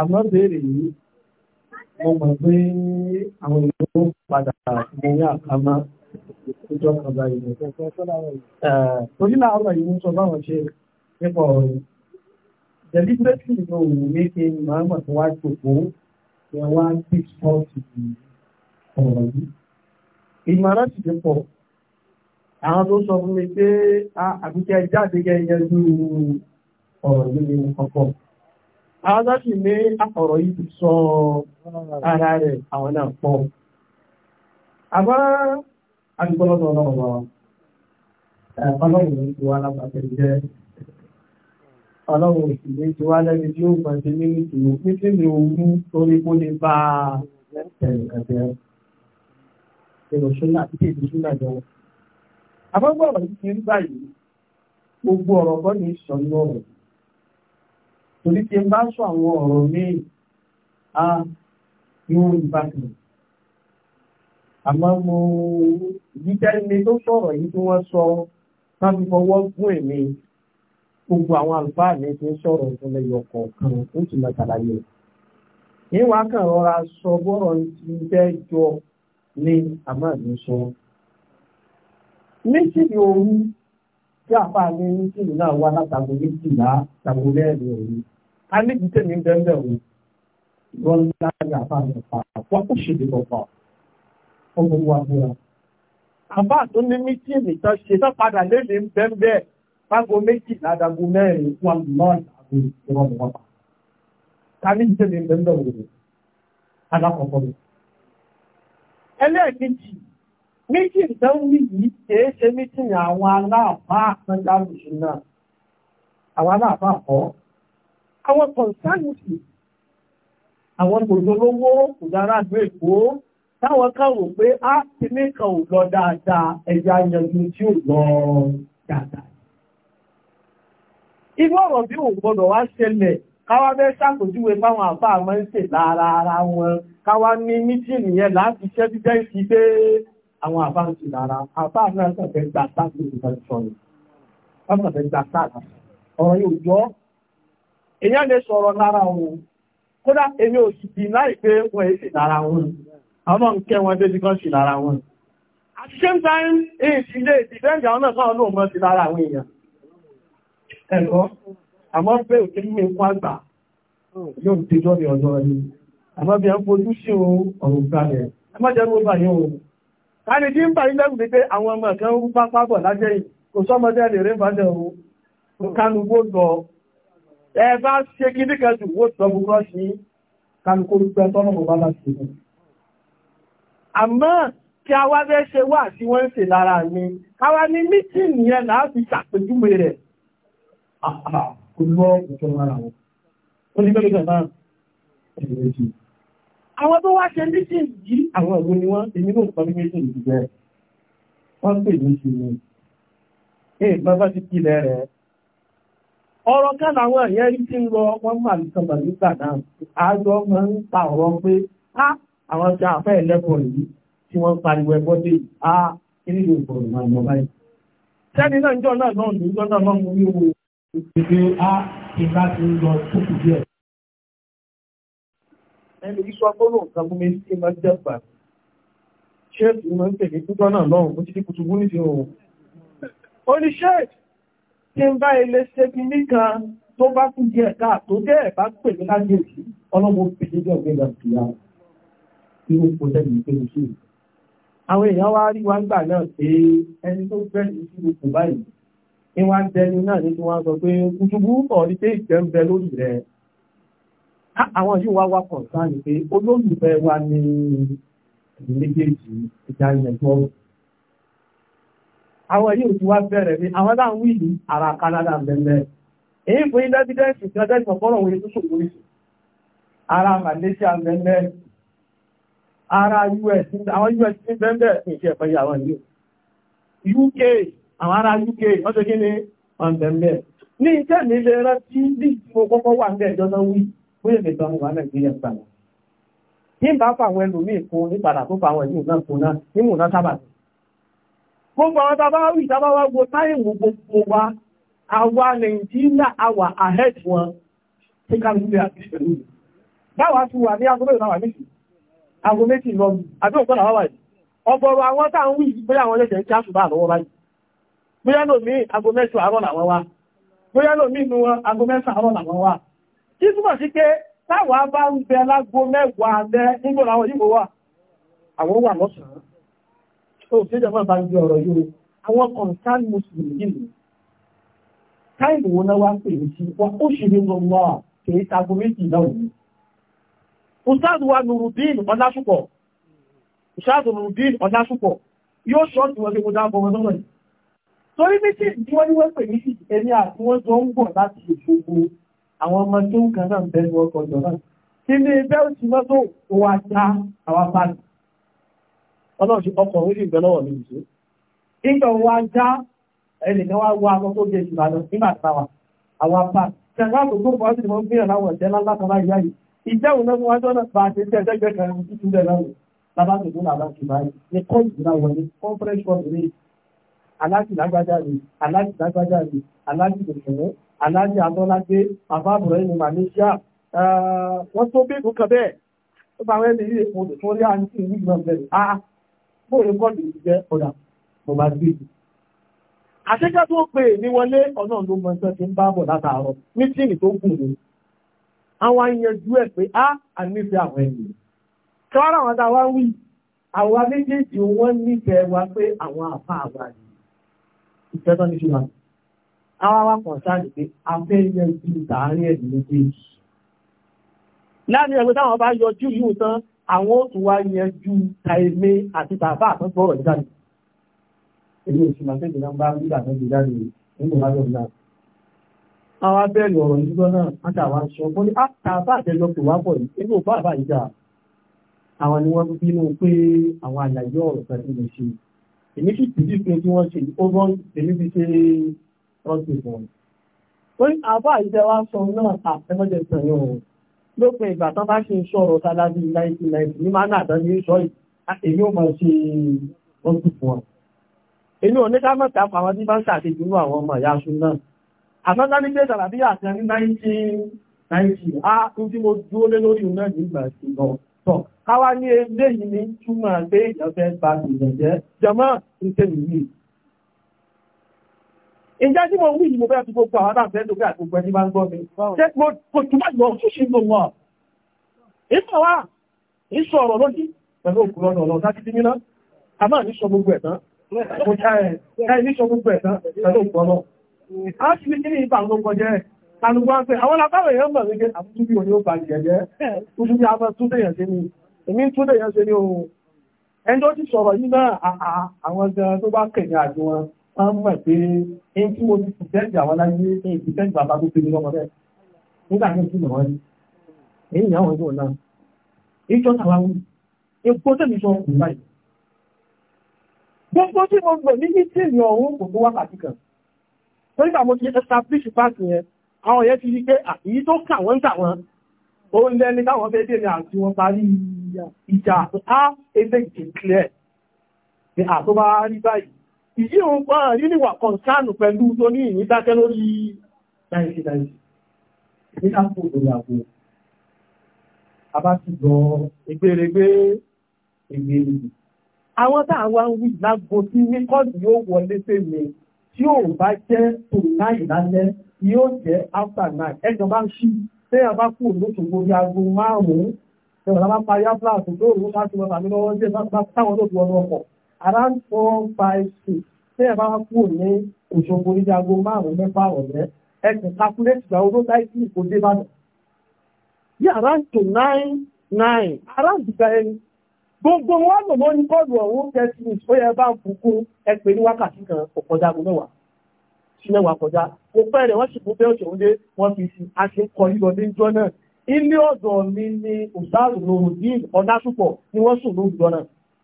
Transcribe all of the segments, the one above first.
àmọ́ béèrè yìí mo mọ̀ pé àwọn ìlú padà mo ní àkámá ìjọ kan báyìí onílà ọ̀rọ̀ yìí ń sọ báwọn ṣe nípa ọ̀rọ̀ deliberately ló wù mí kí n máa mọ̀ tó wá jòkó yẹn wá ń bí sọ́ọ̀tì ọ̀rọ̀ yìí ìmọ̀ràn ti dé pọ̀ àwọn tó sọ fún mi pé ah, àbíkẹ́ jáde gẹ́gẹ́ bí ọ̀rọ̀ yìí ni aláṣì ní àkọ̀rọ̀ yìí sọ ara rẹ̀ àwọn náà pọ̀. àbá àgbọ́lọ́dọ̀ ọlọ́ọ̀bà ọlọ́run ti wá lápapẹ̀ jẹ́ ọlọ́run ìsìnlẹ̀ ti wá lẹ́ni tí ó gbọ́n sí nínú ìlú pínpínlẹ̀ ogun torí kó lè bá ẹ̀rẹ̀kẹ̀kẹ̀ torí tí ń bá sọ àwọn ọ̀rọ̀ míì a yóò bá kì àmọ́ mo jíjẹ́ ilé tó sọ̀rọ̀ yìí tí wọ́n sọ láti fọwọ́ gún èmi gbogbo àwọn àlùfáà mi ti ń sọ̀rọ̀ ìpínlẹ̀ yọkọ̀ kan ó sì máa ṣàlàyé níwà kan rọra sọ bọ́rọ̀ ti jẹ́ jọ ní àmọ́ àdúnsọ. níṣìṣẹ́ òru tí àfa ní mítìlì náà wá látàgbò méjìlá tàgbò lẹ́ẹ̀rin òru a ní ìdíje ní bẹ́ẹ̀ o ìwọ ńlá ní àfa mi pa wọ́n kò ṣe dìbò pa ó mú wa múra. àfa tó ní mítìlì tó ṣe tó padà lẹ́ẹ̀lì ń bẹ́ẹ̀ bẹ́ẹ̀ tàgbò méjìlá tàgbò mẹ́rin wọn lọ́ọ̀ tàgbò ìwọ ta ní ìdíje ní Mítì tán yìí kìí ṣe mítì àwọn aláàfáà Àwọn aláàfáà kọ́. Àwọn èkó, táwọn kan pé á ti ní kan ò lọ dáadáa ẹja yanjú tí ò lọ dáadáa. Ibú ọ̀rọ̀ bí òun gbọdọ̀ wá ṣẹlẹ̀ káwá bẹ́ ṣàpòjúwe fáwọn àpá àmọ́ ń ṣe lára ara wọn, káwá ní mítì nìyẹn láti ṣẹ́ àwọn àbá ń ti lára àbá náà kàn fẹ́ gba táàkì sọ̀rọ̀ wọ́n kàn fẹ́ ọ̀rọ̀ yóò jọ èèyàn lè sọ̀rọ̀ lára wọn kódà èmi ò sì bí láì pé wọ́n èsì lára wọn àwọn nǹkẹ́ wọn débi kan sì lára wọn at the same time èyí sì lè dìbẹ́ǹdì àwọn náà sọ̀rọ̀ lóòmọ́ sí lára àwọn èèyàn ẹ̀lọ́ àmọ́ pé òkè mímẹ̀ fún àgbà yóò dẹjọ́ ní ọjọ́ ẹni àmọ́ bí a ń fojú sí ọ̀rọ̀ gbalẹ̀ ẹ má jẹ́ ló bá yóò káni tí ń bà ní lẹ́gùn pé àwọn ọmọ kan rú pápá bọ̀ lájẹ́ yìí kò sọ́mọdé lè rí fàájẹ̀ ohun kò kánúgbó lọ ẹ bá ṣe kí ní kẹjù wó sọ́gbùkọ́ sí kánúkó rúgbẹ́ tọ́nà bọ̀ bá láti rú àmọ́ kí a wá bẹ́ ṣe wà tí wọ́n ń ṣe lára mi káwa ní mítìnì yẹn láà fi ṣàpèjúwe rẹ̀ kò lọ́ ìjọba ara wọn ó ní mẹ́lẹ́gbẹ̀ẹ́ náà ẹ̀rẹ́ àwọn tó wá ṣe mítìn yìí àwọn ìwò ni wọ́n èmi ló pọ̀ ní mítìn yìí bẹ́ẹ̀ wọ́n pè ní ṣe ni ee bàbá ti kílẹ̀ rẹ̀ ọ̀rọ̀ kan àwọn èèyàn rí tí ń lọ wọ́n mà ní sọ̀bà nígbà náà àjọ máa ń pa ọ̀rọ̀ pé á àwọn ti àfẹ́ ẹlẹ́kọ̀ọ́ yìí tí wọ́n pariwo ẹgbọ́ dé á kí nílò ìfọ̀rọ̀ máa lọ báyìí sẹ́ni náà ń jọ náà náà ń lọ tó díẹ̀ ẹni ìṣọ́ agbóhùn kan fún mi sí máa jẹ́gbà ṣéèkì mọ́ ń tẹ̀lé púpọ̀ náà lọ́rùn ó ti di kùtùgbú ní ti òun ó ní ṣéèkì tí ń bá ilé ṣébi nìkan tó bá kú di ẹ̀ka tó dé ẹ̀bá pè ní lágbèsí ọlọ́mọ pèsèjọ́ gbẹ̀gbà ìyá irú kò tẹ́lẹ̀ ìpéjú sí àwọn èèyàn ni wọ́n á dẹni náà ní tí wọ́n á sọ pé kùtùgbú ọ̀rí àwọn yìí wá wá kọ̀ọ̀tán ni pé olólùfẹ́ wa ní ìlú méjèèjì ìjà ilẹ̀ tó rù àwọn yìí ti wá bẹ̀rẹ̀ ní àwọn dáa wíìlì ara Canada bẹ̀rẹ̀ èyí fún ilẹ̀ dídẹ́sì tí ọjọ́ ìfọ̀fọ́rọ̀ òun ètò ìṣù ara Malaysia bẹ̀rẹ̀ ara US àwọn US ní bẹ̀rẹ̀ ní ìṣẹ́ ẹ̀fẹ́ àwọn yìí UK àwọn ará UK wọ́n tó kí ni wọ́n bẹ̀rẹ̀ ní ìtẹ́ mi lè rántí bí mo kọ́kọ́ wà ní ẹjọ́ náà wíìlì bóyá lè tọ́ wà nàìjíríà sàlẹ̀. tí bá fà àwọn ẹlòmíì nípadà tó fà ẹ̀mí náà kún ní mùnà sábà gbogbo àwọn tàbá rí ìtàbá wá gbo táìmù gbogbo wa nàìjíríà àwà ahead wọn tí kálukú lè báwa ti wà ní aago mẹ́rin àwọn àwọn tí túnmọ̀ sí pé táwà bá ń bẹ lágbo mẹ́wàá alẹ́ nígbò láwọn yíò wà àwọn wà lọ́sàn-án tó tí ìjọba bá ń bí ọ̀rọ̀ yóò àwọn concern muslim yìí táìmù wọn náà wá pè ní sí wọn ó ṣe ní lọ́wọ́ wa nurudin ọlásùpọ̀ ustaz nurudin ọlásùpọ̀ yóò ṣọ́ọ̀tì wọn bí mo dáàbò wọn lọ́wọ́ yìí torí méjì tí wọ́n ní wọ́n ní sí ẹni ń bọ̀ láti ìṣòro àwọn ọmọ tó ń kan náà bẹ̀rù ọkọ̀ ọ̀dọ̀ náà kí ní ibẹ́ òsì mọ́tò wà já àwọn apáàlì ọlọ́run sí ọkọ̀ orí ìgbẹ́lọ́wọ̀ mi ìṣó nígbà wà já ẹnìkan wá wá àwọn tó jẹ ìṣùlá lọ nígbà táwà àwọn apáàlì ṣẹ̀dá àgbègbè bọ́ sí wọn gbìyànjú láwọn ọ̀jẹ́ lálákan láyé yáyì ìjẹ́wò náà wọn jọ́nà bá ṣe tẹ́ ẹ̀ẹ́dẹ́gbẹ́ kan títú bẹ́ẹ̀ náà bàbá tó kún làbá kì báyìí ní kọ́ọ̀tù aláàtì lágbájá rèé aláàtì lágbájá rèé aláàjì adọ́lágbé bàbá àbúrẹ́ ní malaysia wọ́n tó bí ìlú kan bẹ́ẹ̀ ó bá wẹ́n ní ilé epo tó rí àǹtí ìlú ìlú ọ̀gbẹ̀rẹ̀ ah, ah bó o rẹ́kọ́ọ̀dù yìí jẹ́ ọ̀dà mo máa gbé ìlú. àṣekẹ́ tó pè ní wọlé ọ̀nà ló mọ iṣẹ́ tí ń bá bọ̀ látàárọ̀ mítíìnì tó gùn ni àwọn ayanjú ẹ̀ pé ah, a ànífẹ́ àwọn ènìyàn kí wọ́n rà wọn dá wá wí àwọn méjèèjì wọ́n nífẹ̀ẹ́ wa pé àwọn àfa àwa yìí ìfẹ́ tán ní ṣùgbọ́n àwọn awakọ̀ sáàdì pé a fẹ́ yẹ ju tààrin ẹ̀dì méjèèjì láàrin ẹgbẹ́ táwọn bá yọjú yìí tán àwọn ó tún wá yẹn ju tàìmé àti tàbá àtọ́gbọ́rọ̀ jáde èyí òsì máa tẹ́jì náà bá rí àtọ́jú jáde nínú lájọ́ náà àwọn abẹ́rẹ̀ ọ̀rọ̀ ìdúgbọ́ náà àtàwà sọ fún ní àtàbá ah, àtẹ́jọ́ tó wá pọ̀ yìí inú bá àbá ìjà àwọn ni wọ́n bínú pé àwọn àlàyé ọ̀rọ̀ kan ti lè ṣe èmi sì tìjú pé kí wọ́n ṣe ó rán èmi fi ṣe rọ́ọ̀tì fún un. àbá ìṣẹ́ wa sọ náà àtẹ́mọ́jẹ sàn yóò rùn lópin ìgbà tán bá ṣe sọ̀rọ̀ sálábí láìsí láìsí ní máa náà tán ní sọ èyí máa ṣe rọ́ọ̀tì fún wa. èmi ò ní ká mọ̀ ká àwọn tí bá ń ṣàṣejù ní àwọn ọmọ ìyá aṣọ náà. àtọ́já ní gbé sàlàbí àti ẹni náìjí náìjí á tún tí mo dúró lé lórí náà nígbà sí lọ tọ̀ káwá ní eléyìí ní túmọ̀ pé ìjọba ẹ̀ bá jọmọ́ ìṣèlú yìí ìjá tí mo wí ni mo fẹ́ fi gbogbo àwọn àtàfẹ́ lórí àgbogbo ẹni bá ń gbọ́ mi ṣe mo túnbà ìwọ̀ ṣíṣe ló wọ́n ìfọ̀ wá ìṣọ̀ ọ̀rọ̀ lójú pẹ̀lú òkú lọ́nà ọ̀nà láti ti míná a máa níṣọ gbogbo ẹ̀tán pẹ̀lú òkú ọ̀nà ẹni tó ti sọ̀rọ̀ yìí náà àwọn gan tó bá kẹ̀yìn àjò wọn máa mọ̀ pé ẹni tí mo ti tẹ́jú àwọn láyé ẹni tí tẹ́jú bàbá tó fi ní ọmọ rẹ̀ nígbà tí mo ti mọ̀ wọ́n rí èyí ni àwọn ìwọ̀n náà ìjọ tàwa wù epo tẹ̀mí sọ ọkùnrin báyìí gbogbo tí mo gbọ̀ ní títí ọ̀hún kò tó wákàtí kan nígbà mo ti establish park yẹn àwọn yẹn ti rí pé àyí tó kà wọ́n tà wọ́n ó lẹ́ni táwọn fẹ́ dé ní àti wọn parí ìjà á ẹgbẹ́ ìjìnlẹ̀ ni àtó báyìí ìyí òun pa níníwà kọ̀nsánù pẹ̀lú tó ní ìdákẹ́ lórí dáìsídáìsí ní àpò ìyàwó abátìgbọ́ ìgbèrègbè ìgbèrègbè àwọn tàà wá ń wí lágbo tí rékọ́dì yóò wọlé fèmè tí ò bá jẹ́ tó láì lálẹ́ yóò jẹ́ after nine ẹjọ́ bá ń ṣí tẹ́yà bá kú lóṣù gbogbo aago márùn-ún tẹ́wọ̀n bá parí áfíà àtúntò òun láti mọ́ tàbí lọ́wọ́ jẹ́ táwọn tó ti wọnú ọkọ̀ around four five six tí ẹ bá wá kúrò ní Òṣogbo ní aago márùn-ún mẹ́fà ọ̀rẹ́ ẹ sì calculate gba owó láì sí ìkó dé bàdàn. bí around to nine nine around ìgbà ẹni gbogbo wọn lò lórí kọ́ọ̀lù ọ̀hún thirty minutes ó yẹ bá ń bùkún ẹ pè ní wákàtí kan kò kọjá aago mẹ́wàá sí mẹ́wàá kọjá mo fẹ́ rẹ̀ wọ́n sì fún bẹ́ẹ̀ òṣèlú dé wọ́n fi sí aṣẹ kọ yíyọ ní ìjọ náà ilé ọ̀dọ̀ mi ni òṣàlù lòrùn dín ọ̀dásùpọ̀ ni wọ́n sùn lóòjọ́ náà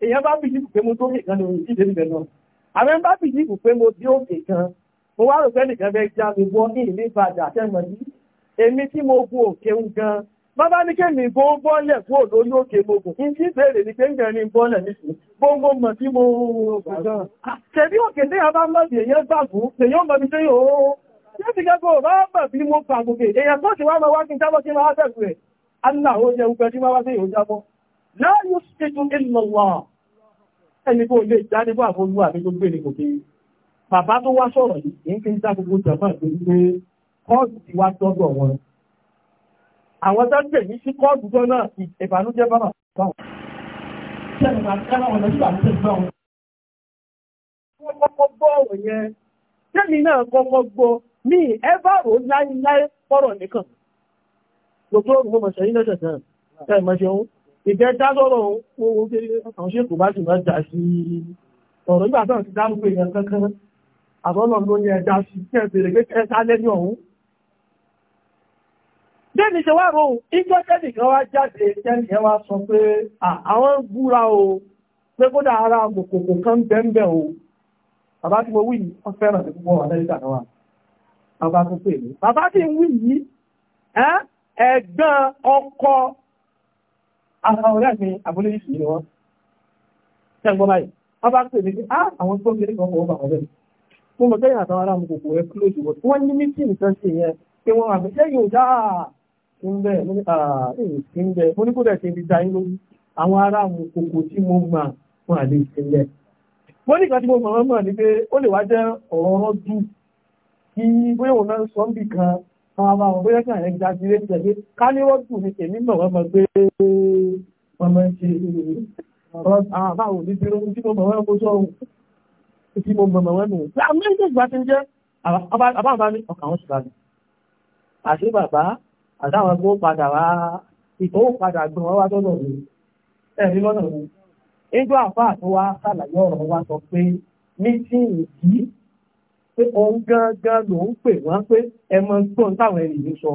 èèyàn bá bìí jìbù mo tó nìkan ni ìdílé níbẹ̀ náà àwọn bá bìí jìbù mo dé òkè kan mo wá rò pé nìkan fẹ́ já mi wọ ní ìlú ìbàdàn àtẹ̀mọ̀ yìí èmi tí mo gun òkè ń gan bábá ní kí mi kúrò lórí òkè kí n gbogbo mọ̀ tí mo a bá lọ́dì èyàn gbàgbọ́ láàrín ṣètò ìlọ́wà ẹni kó lè jánibó àfolúwà ní gbogbo ènìyàn kòkè bàbá tó wá sọ̀rọ̀ yìí kí ń dá gbogbo jàmá ìgbé kọ́ọ̀dù ti wá tọ́gbọ̀ wọn àwọn tó gbè ní sí kọ́ọ̀dù tó náà ìbànújẹ́ bá bàbá wọn ní ẹbárò láíláí fọ́rọ̀ nìkan. Gbogbo ògùn mọ̀ ṣe ní lọ́sẹ̀ náà, ṣe ń ìjẹta sọ̀rọ̀ owó kéré àwọn ṣe kò bá sì máa jà sí ọ̀rọ̀ nígbà tán ti dárúgbé yẹn kankan àbọ́nà ló ní ẹja sí kí ẹ bèrè pé ẹ sálẹ́ ní ọ̀hún. Déni ṣe wá rohùn, ìjọ tẹ́lì wá jáde tẹ́lì wá sọ pé àwọn ń búra o, pé kódà ara kòkòkò kan bẹ́ẹ̀ o. Bàbá tí mo wí yìí, wọ́n fẹ́ràn ní púpọ̀ Amẹ́ríkà náà wà. Bàbá tó pè mí. Bàbá tí ń wí yìí, ẹ̀gbọ́n ọkọ àwọn ah, mo mọ̀ sẹ́yìn àtàwọn ará mi kò kò rẹ̀ wọ́n wọ́n ní meeting kan sí yẹn pé wọ́n àgbẹ̀ sẹ́yìn ò dáa ti ń bẹ̀ ní ti ń ń da yín lórí àwọn ará mi tí mo mà wọn àlè ti mo ní kan tí mo mọ̀ mọ̀ wọ́n máa ń ṣe àwọn àbáwò ní ti rọ́n tí mo mọ̀ wọ́n kó sọ ohun tí mo mọ̀ wọ́n nù. Láàmúlẹ́jẹ̀ ìgbà ti ń jẹ́ àbábá ní ọkà wọn ṣùgbọ́n. Àṣé bàbá àtàwọn ẹgbẹ́ padà wá ìfowó padà gbọ́n wá tọ́nà mi. Ẹ ní lọ́nà mi. Ejò àfáà tó wá ṣàlàyé ọ̀rọ̀ wa sọ pé mítíìnì yìí pé òun gangan lòún pè wọ́n pé ẹ gbọ́n táwọn ẹ̀rì yìí sọ.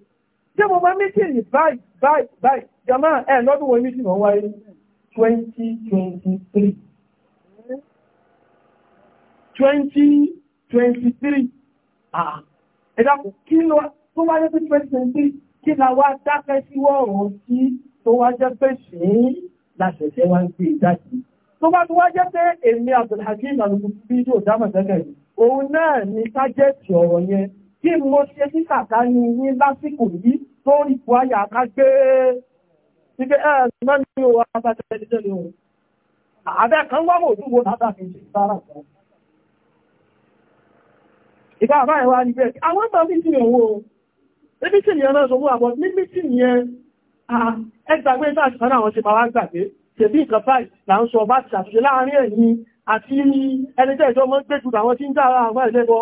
tí mo máa mítìnì báyìí báyìí báyìí jama ẹ̀ lọ́dún wo mítìnì wọ́n wáyé 2023 2023 ah ẹ̀dàkùn kí lọ tó wáyé pé 2023 kí la wá dákẹ́ sí wọ́ọ̀rùn sí tó wá jẹ́ pé ṣe é láṣẹ̀ṣẹ̀ wá ń gbé ìdájì e tó bá tó wá jẹ́ pé èmi Abdulhakeem alùpùpù fídíò dámọ̀ sẹ́kẹ̀ òun náà ni tájẹ́tì kí mo ṣe sí kàkà ní ní lásìkò yìí tó rí fún àyà ká gbé síbẹ̀ ẹ̀ẹ́sì mọ́ ní owó afẹ́fẹ́ ẹ̀ẹ́sì ní ohun àbẹ́ kan wọ́n mọ̀ òdúgbò látàkì sára kan ìfà àbá ẹ̀wà ní bẹ́ẹ̀ àwọn ọmọ mi tìrì owó ebi tí ìyẹn náà sọmú àwọn ní mítì yẹn ẹgbàgbé sáàtì kan àwọn ti bàwá gbàgbé tèbí nǹkan báyìí là ń sọ bá ti ṣàtúnṣe láàárín ẹ̀yìn àti ẹni tẹ́ ìjọ mọ́ gbé jù àwọn tí ń dára àwọn ẹ̀lẹ́bọ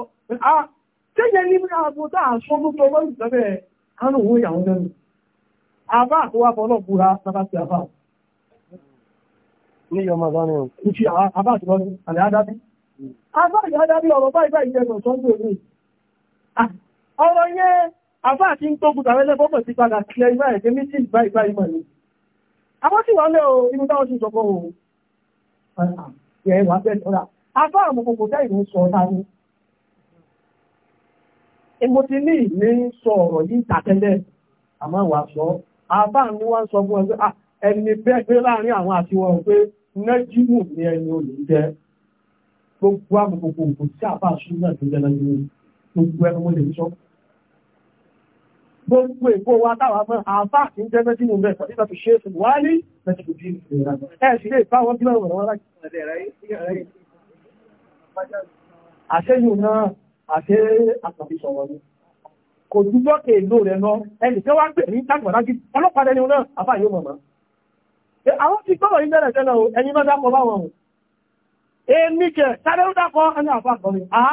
tẹ́jẹ́ ní àbúdá àṣọ́gbùn tó bọ́ ìjọbẹ̀ kánù owó ìyàwó jẹ́nu àbá àtọwà fọ́lọ̀ búra sábàtì àbá ní yọmọ báni ọ̀ kúchí àbá àtọwà alẹ́ adábí àbá ìyá adábí ọ̀rọ̀ bá ìbá ìjẹ́ ọ̀rọ̀ yẹn àbá àti ń tó gùtà rẹ́lẹ́ bọ́bọ̀ sí padà kílẹ̀ ìbá ẹ̀kẹ́ méjì ìbá ìbá ìmọ̀ ni àwọn sì wọ́n lẹ́ o inú táwọn sì sọ fọ́ o ẹ̀wà bẹ́ẹ̀ ọ̀rà àbá àmọ̀kòkò tẹ́ ìlú sọ ọ̀tá ni mo ti ní ìní sọ ọ̀rọ̀ yìí tàtẹ́lẹ̀ àmọ́ wà sọ àbá ní wá ń sọ fún ẹgbẹ́ ẹni bẹ́ẹ̀ pé láàrin àwọn àti wọn pé nẹ́jìmù ní ẹni olè jẹ́ gbogbo agbègbè kò sí àbá ṣúgbà tó jẹ́ lẹ́nu gbogbo ẹni mo lè sọ gbogbo èkó wa táwa mọ́ àbá kì í jẹ́ nẹ́jìmù bẹ́ẹ̀ pẹ̀lú ìgbà tó ṣe é sùn wá ní nẹ́jìmù bí ẹ̀ sì àti àtàbí sọ̀rọ̀ ni kò dúdọ́ kè ló rẹ̀ lọ ẹnìkan wá ń pè ní tàgbàdágì ọlọ́pàá ẹni náà àbá yóò mọ̀mọ́ àwọn ti gbọ́rọ̀ yìí bẹ̀rẹ̀ tẹ́lẹ̀ o ẹni náà dákọ̀ èmi ó dákọ̀ ẹni àfà a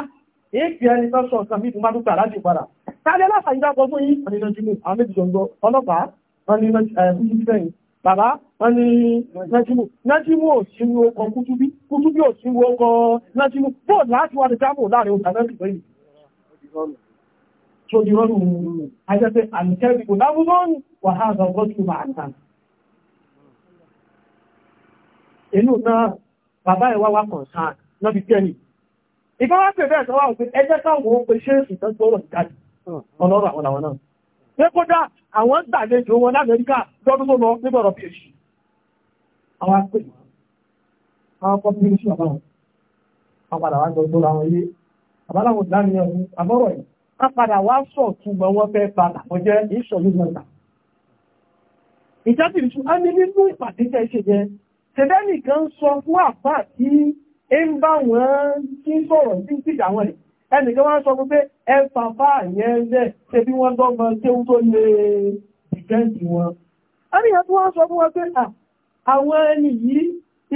èéfì ẹni tó sọ nǹkan mi láti padà yìí dákọ̀ fún yìí àwọn méjì bàbá wọ́n ní nẹ́tímù nẹ́tímù ò sínú ọkọ̀ kútúbí kútúbí ò sínú ọkọ̀ nẹ́tímù bóò láti wà ní jámù láàrin òtàdẹ́rì pẹ̀lú tó di rọ́nù ajẹ́fẹ́ àmìkẹ́rì kò lábúgbọ́n wà á zọ gọ́tù máa ta inú náà bàbá ìwá wá kàn sáà náà fi kẹ́rì ìfọwọ́pẹ̀ bẹ́ẹ̀ sọ́wọ́ òfin ẹjẹ́ káwọn ó pe ṣe pé kódà àwọn gbàlejò wọn l'Amẹ́ríkà lọ́dún tó lọ nígbọ̀rọ̀ bí èṣù àwọn akpè àwọn kọ́ bí èṣù àbáwọn àwọn padà wá gbọ́dọ̀ àwọn ilé àbáláwọn ìdánilẹ̀ àbọ̀rọ̀ yìí wọ́n padà wá sọ túnbọ̀ wọ́n fẹ́ padà wọ́n jẹ́ ìṣọ̀ yóò mẹ́ta ìjábì ìṣù a ní nínú ìpàdé tẹ́ ṣe jẹ́ tẹ́lẹ́nì kan sọ fún àpá tí ń bá wọn tí ń sọ̀rọ̀ sí ìjà wọn ẹnìkan wọ́n sọ pé ẹfàfà yẹn lẹ́ ṣe bí wọ́n dọ́gbà tí ó tó lè dìkẹ́ǹtì wọn ẹnìyàn tó wọ́n sọ fún wọn pé àwọn ẹni yìí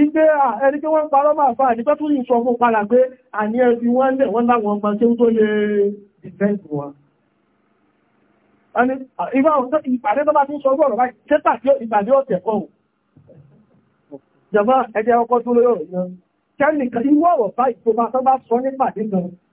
ipé ẹni tí wọ́n parọ́ máa fà nípa tó yìí sọ fún padà pé àní ẹbí wọ́n lẹ̀ wọ́n láwọn ọgbà tí ó tó lè dìkẹ́ǹtì wọn ìpàdé tó bá tún sọ gbọ́rọ̀ báyìí tẹ́tà tí ìpàdé ọ̀tẹ̀ kọ́ jọba ẹgbẹ́ ọkọ̀ tó lóyọ̀rọ̀ yẹn kẹ́nìkan ìwọ̀ ọ̀rọ̀ báyìí tó bá sọ nípàdé gan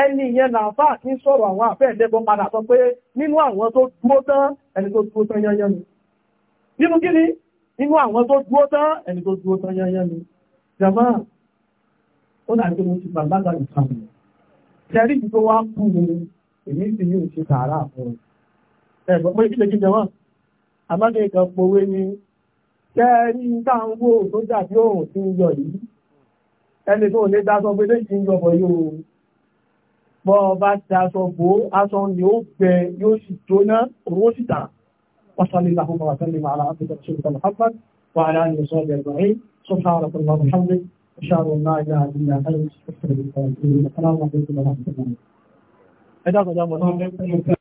ẹni ìyẹn làǹfà kí ń sọ̀rọ̀ àwọn àfẹ́ ẹ̀lẹ́gbọ́n padà sọ pé nínú àwọn tó dúó tán ẹni tó dúó tán yányán ni nínú kí ni nínú àwọn tó dúó tán ẹni tó dúó tán yányán ni jama ó dà tí mo ti bàbá nìkan mi tẹ́rí tó wá kú mi èmi sì yóò ṣe tààrà fún ẹgbọ́n pé kí lè kí jama àmáde kan powé ni tẹ́rí táwọn tó jà bí òun ti ń yọ yìí ẹni tó lè dá sọ yóò bọ́ ọba ti aṣọ bò aṣọ ni ó gbẹ yóò sì jóná owó síta وصلي اللهم وسلم على عبدك رسولك محمد وعلى اله وصحبه اجمعين سبحانك اللهم وبحمدك اشهد ان لا اله الا انت استغفرك واتوب اليك السلام عليكم ورحمه الله وبركاته